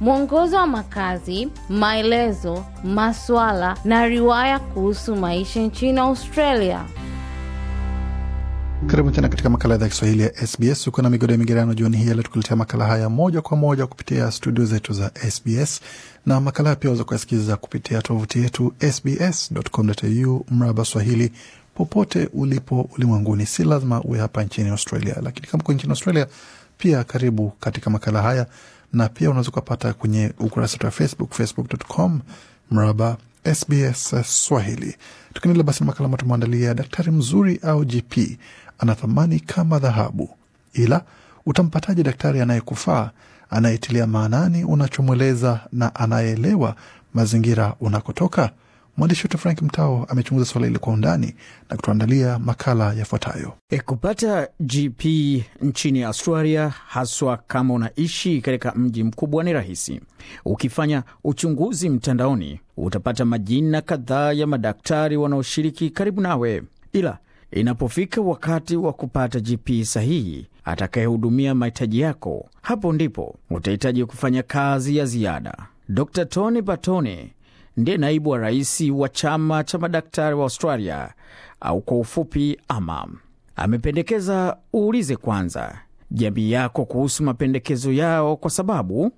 mwongozo wa makazi, maelezo, maswala na riwaya kuhusu maisha nchini Australia. Karibu tena katika makala ya idhaa Kiswahili ya SBS. Uko na migodo ya migerano jioni hii, leo tukuletea makala haya moja kwa moja kupitia studio zetu za SBS na makala pia waweza kuyasikiliza kupitia tovuti yetu sbs.com.au mraba swahili popote ulipo ulimwenguni. Si lazima uwe hapa nchini Australia, lakini kama uko nchini Australia pia karibu katika makala haya na pia unaweza ukapata kwenye ukurasa wetu wa Facebook, facebook.com mraba SBS eh, Swahili. Tukiendelea basi na makala ambayo tumeandalia, daktari mzuri au GP ana thamani kama dhahabu, ila utampataje daktari anayekufaa, anayetilia maanani unachomweleza na anayeelewa mazingira unakotoka? Mwandishi wetu Frank Mtao amechunguza suala hili kwa undani na kutuandalia makala yafuatayo. E, kupata GP nchini Australia, haswa kama unaishi katika mji mkubwa, ni rahisi. Ukifanya uchunguzi mtandaoni, utapata majina kadhaa ya madaktari wanaoshiriki karibu nawe, ila inapofika wakati wa kupata GP sahihi atakayehudumia mahitaji yako, hapo ndipo utahitaji kufanya kazi ya ziada. Dr Tony Patone ndiye naibu wa rais wa chama cha madaktari wa Australia au kwa ufupi AMA. Amependekeza uulize kwanza jamii yako kuhusu mapendekezo yao, kwa sababu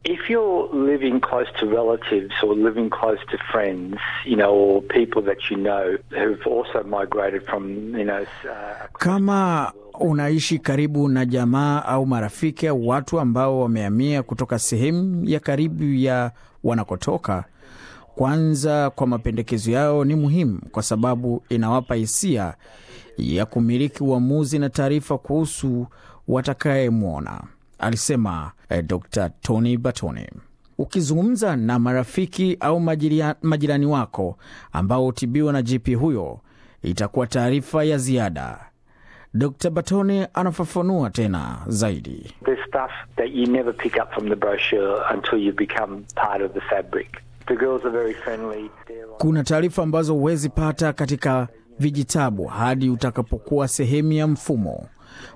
kama unaishi karibu na jamaa au marafiki au watu ambao wamehamia kutoka sehemu ya karibu ya wanakotoka kwanza kwa mapendekezo yao ni muhimu kwa sababu inawapa hisia ya kumiliki uamuzi na taarifa kuhusu watakayemwona, alisema eh, Dr Tony Batoni. Ukizungumza na marafiki au majiria, majirani wako ambao hutibiwa na GP huyo, itakuwa taarifa ya ziada. Dr Batone anafafanua tena zaidi. Kuna taarifa ambazo huwezi pata katika vijitabu hadi utakapokuwa sehemu ya mfumo.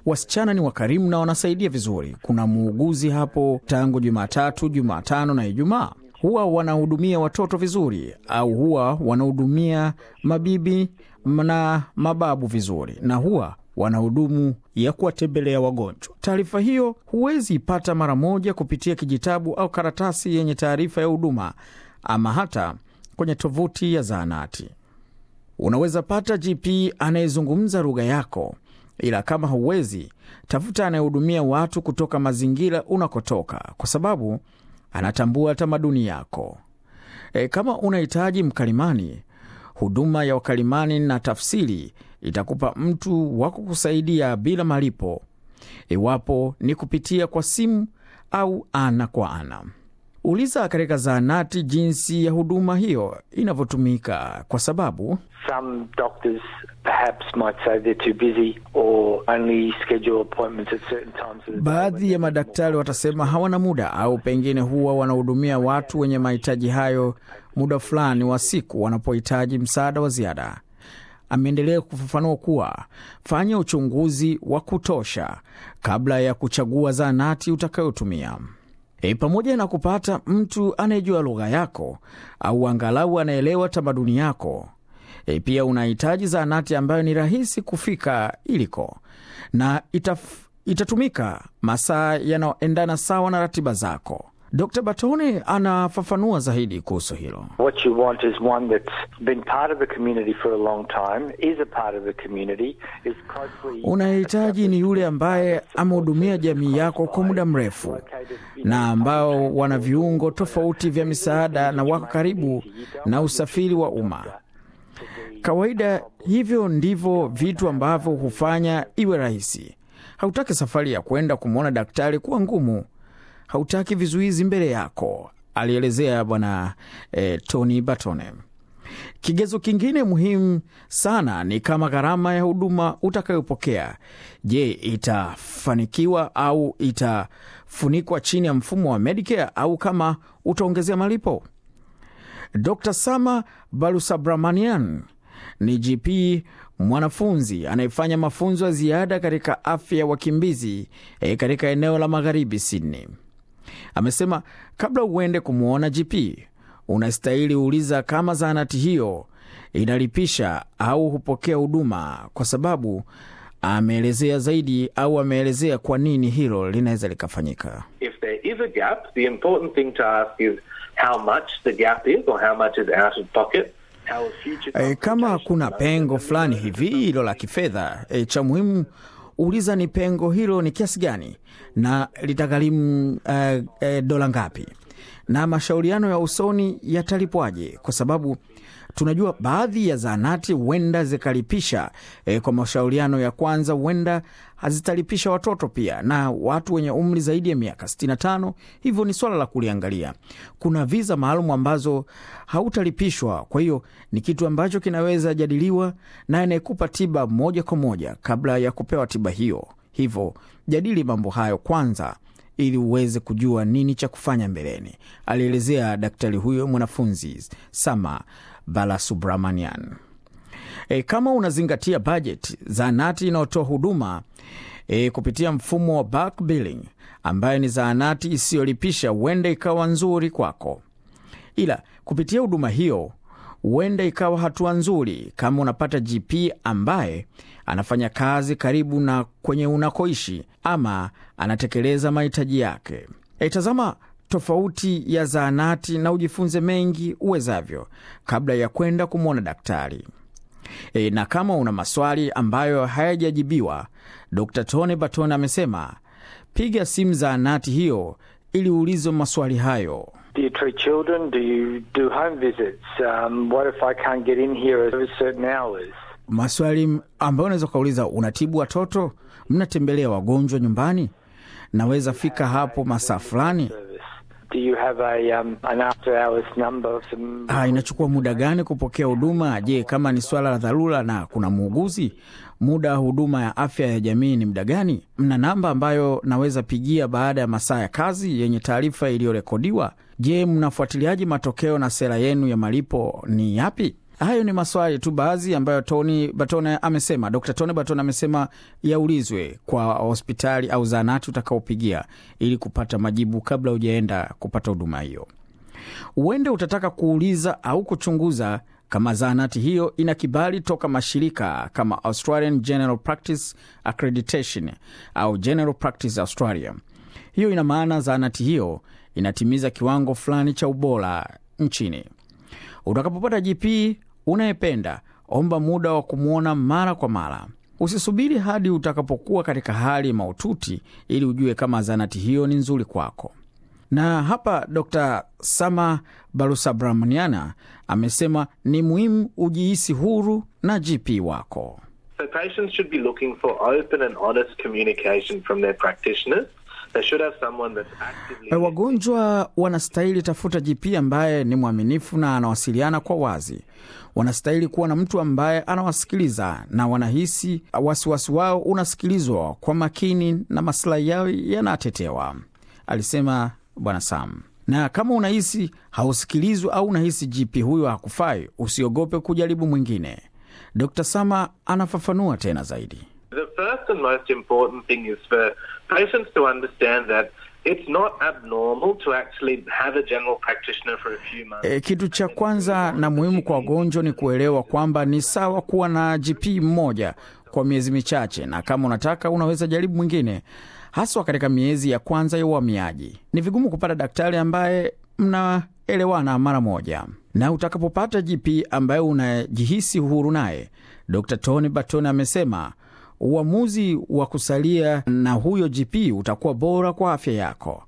Wasichana ni wakarimu na wanasaidia vizuri. Kuna muuguzi hapo tangu Jumatatu, Jumatano na Ijumaa. Huwa wanahudumia watoto vizuri, au huwa wanahudumia mabibi na mababu vizuri, na huwa wanahudumu ya kuwatembelea wagonjwa. Taarifa hiyo huwezi ipata mara moja kupitia kijitabu au karatasi yenye taarifa ya huduma ama hata kwenye tovuti ya zaanati Unaweza pata GP anayezungumza lugha yako, ila kama huwezi, tafuta anayehudumia watu kutoka mazingira unakotoka, kwa sababu anatambua tamaduni yako. E, kama unahitaji mkalimani, huduma ya wakalimani na tafsiri itakupa mtu wa kukusaidia bila malipo, iwapo ni kupitia kwa simu au ana kwa ana uliza katika zahanati jinsi ya huduma hiyo inavyotumika, kwa sababu baadhi ya madaktari watasema hawana muda, au pengine huwa wanahudumia watu wenye mahitaji hayo muda fulani wa siku wanapohitaji msaada wa ziada. Ameendelea kufafanua kuwa fanya uchunguzi wa kutosha kabla ya kuchagua zaanati utakayotumia. E, pamoja na kupata mtu anayejua lugha yako au angalau anaelewa tamaduni yako. E, pia unahitaji zahanati ambayo ni rahisi kufika iliko na itaf, itatumika masaa yanayoendana sawa na ratiba zako. Dr. Batone anafafanua zaidi kuhusu hilo. What you want is one that's been part of the community for a long time, is a part of the community, is closely... Unahitaji ni yule ambaye amehudumia jamii yako kwa muda mrefu na ambao wana viungo tofauti vya misaada na wako karibu na usafiri wa umma kawaida. Hivyo ndivyo vitu ambavyo hufanya iwe rahisi. Hautaki safari ya kwenda kumwona daktari kuwa ngumu hautaki vizuizi mbele yako, alielezea bwana e, Tony batone Kigezo kingine muhimu sana ni kama gharama ya huduma utakayopokea, je, itafanikiwa au itafunikwa chini ya mfumo wa Medicare au kama utaongezea malipo. Dr Sama balusabramanian ni GP mwanafunzi anayefanya mafunzo ya ziada katika afya ya wakimbizi e, katika eneo la magharibi Sydney. Amesema kabla uende kumwona GP unastahili uliza kama zahanati hiyo inalipisha au hupokea huduma, kwa sababu ameelezea zaidi au ameelezea kwa nini hilo linaweza likafanyika. Eh, kama kuna pengo fulani hivi hilo la kifedha e, cha muhimu uliza ni pengo hilo ni kiasi gani na litagharimu uh, uh, dola ngapi na mashauriano ya usoni yatalipwaje, kwa sababu tunajua baadhi ya zaanati huenda zikalipisha e, kwa mashauriano ya kwanza huenda hazitalipisha watoto pia na watu wenye umri zaidi ya miaka 65. Hivyo ni swala la kuliangalia. Kuna viza maalum ambazo hautalipishwa, kwa hiyo ni kitu ambacho kinaweza jadiliwa na anayekupa tiba moja kwa moja kabla ya kupewa tiba hiyo. Hivyo jadili mambo hayo kwanza ili uweze kujua nini cha kufanya mbeleni, alielezea daktari huyo mwanafunzi Sama Balasubramanian. E, kama unazingatia bajeti, zaanati inayotoa huduma e, kupitia mfumo wa bak billing ambayo ni zaanati isiyolipisha huenda ikawa nzuri kwako, ila kupitia huduma hiyo huenda ikawa hatua nzuri kama unapata GP ambaye anafanya kazi karibu na kwenye unakoishi ama anatekeleza mahitaji yake. E, tazama tofauti ya zaanati na ujifunze mengi uwezavyo kabla ya kwenda kumwona daktari. E, na kama una maswali ambayo hayajajibiwa, Dr. Tony baton amesema piga simu zaanati hiyo ili uulizwe maswali hayo. Do you treat children? Do you do home visits? Um, what if I can't get in here at certain hours? Maswali ambayo unaweza ukauliza, unatibu watoto? Mnatembelea wagonjwa nyumbani? Naweza fika hapo masaa fulani? Do you have a, um, an after hours number Ha, ah, inachukua muda gani kupokea huduma? Je, kama ni swala la dharura na kuna muuguzi, muda wa huduma ya afya ya jamii ni muda gani? Mna namba ambayo naweza pigia baada ya masaa ya kazi yenye taarifa iliyorekodiwa? Je, mnafuatiliaji matokeo na sera yenu ya malipo ni yapi? Hayo ni maswali tu baadhi ambayo Tony batone amesema, Dr. Tony batone amesema yaulizwe kwa hospitali au zaanati utakaopigia ili kupata majibu kabla hujaenda kupata huduma hiyo. Uende utataka kuuliza au kuchunguza kama zaanati hiyo ina kibali toka mashirika kama Australian General Practice Accreditation au General Practice Australia. Hiyo ina maana zaanati hiyo inatimiza kiwango fulani cha ubora nchini. Utakapopata GP unayependa, omba muda wa kumwona mara kwa mara. Usisubiri hadi utakapokuwa katika hali maututi ili ujue kama zanati hiyo ni nzuri kwako. Na hapa Dr Sama Balusubramaniana amesema ni muhimu ujihisi huru na GP wako. So patients should be looking for open and honest communication from their practitioners. Eh, wagonjwa wanastahili tafuta GP ambaye ni mwaminifu na anawasiliana kwa wazi. Wanastahili kuwa na mtu ambaye anawasikiliza na wanahisi wasiwasi wao unasikilizwa kwa makini na masilahi yao yanatetewa, alisema Bwana Sam. Na kama unahisi hausikilizwi au unahisi GP huyo hakufai, usiogope kujaribu mwingine. Dr Sama anafafanua tena zaidi first and most important thing is for patients to understand that It's not abnormal to actually have a general practitioner for a few months. E, kitu cha kwanza na muhimu kwa wagonjwa ni kuelewa kwamba ni sawa kuwa na GP mmoja kwa miezi michache, na kama unataka unaweza jaribu mwingine, haswa katika miezi ya kwanza ya uhamiaji. Ni vigumu kupata daktari ambaye mnaelewana mara moja, na utakapopata GP ambaye unajihisi uhuru naye, Dr. Tony Barton amesema uamuzi wa kusalia na huyo GP utakuwa bora kwa afya yako.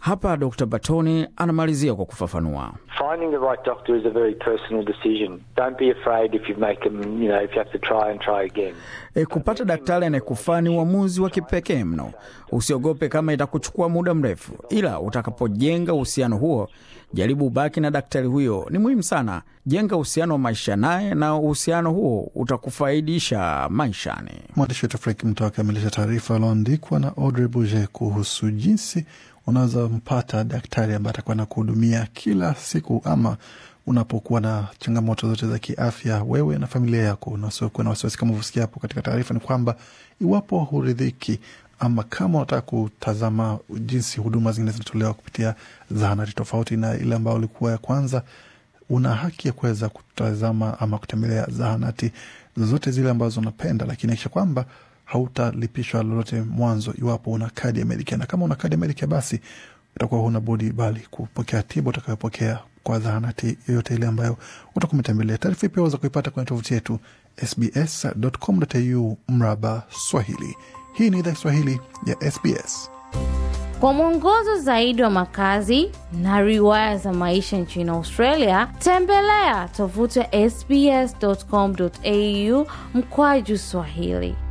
Hapa Dr. Batoni anamalizia kwa kufafanua. Finding the right doctor is a very personal decision. Don't be afraid if you make them, you know, if you have to try and try again. E, kupata daktari anayekufaa ni uamuzi wa kipekee mno. Usiogope kama itakuchukua muda mrefu, ila utakapojenga uhusiano huo, jaribu ubaki na daktari huyo. Ni muhimu sana, jenga uhusiano wa maisha naye, na uhusiano huo utakufaidisha maishani. Mwandishi wetu Frank Mto akamilisha taarifa aliyoandikwa na Audrey Buge kuhusu jinsi unaweza mpata daktari ambaye atakuwa na kuhudumia kila siku, ama unapokuwa na changamoto zote za kiafya, wewe na familia yako, nasiokuwa na wasiwasi. Kama vosikia hapo katika taarifa, ni kwamba iwapo huridhiki ama kama unataka kutazama jinsi huduma zingine zinatolewa kupitia zahanati tofauti na ile ambayo ulikuwa ya kwanza, una haki ya kuweza kutazama ama kutembelea zahanati zozote zile ambazo unapenda, lakini akisha kwamba hautalipishwa lolote mwanzo iwapo una kadi Amerika, na kama una kadi Amerika basi utakuwa huna budi bali kupokea tiba utakayopokea kwa zahanati yoyote ile ambayo utakumetembelea. Taarifa pia waweza kuipata kwenye tovuti yetu sbs.com.au mraba Swahili. Hii ni idhaa Kiswahili ya SBS. Kwa mwongozo zaidi wa makazi na riwaya za maisha nchini Australia, tembelea tovuti ya sbs.com.au mkwaju Swahili.